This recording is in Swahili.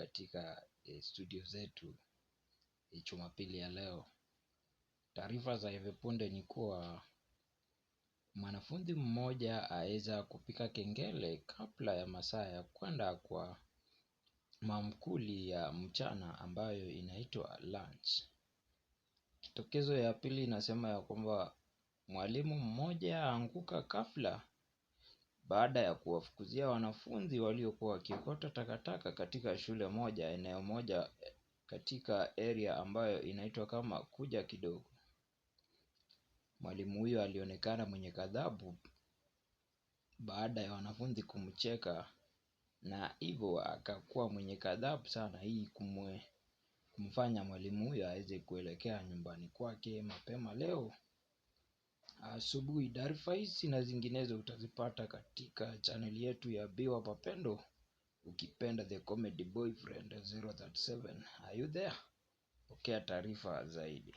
katika eh, studio zetu eh, Jumapili ya leo. Taarifa za hivi punde ni kuwa mwanafunzi mmoja aweza kupika kengele kabla ya masaa ya kwenda kwa mamkuli ya mchana ambayo inaitwa lunch. Kitokezo ya pili inasema ya kwamba mwalimu mmoja aanguka ghafla baada ya kuwafukuzia wanafunzi waliokuwa wakiokota takataka katika shule moja eneo moja katika area ambayo inaitwa kama kuja kidogo. Mwalimu huyo alionekana mwenye kadhabu baada ya wanafunzi kumcheka na hivyo akakuwa mwenye kadhabu sana hii kumwe kumfanya mwalimu huyo aweze kuelekea nyumbani kwake mapema leo asubuhi taarifa hizi na zinginezo utazipata katika chaneli yetu ya biwa papendo ukipenda the comedy boyfriend 037 are you there pokea taarifa zaidi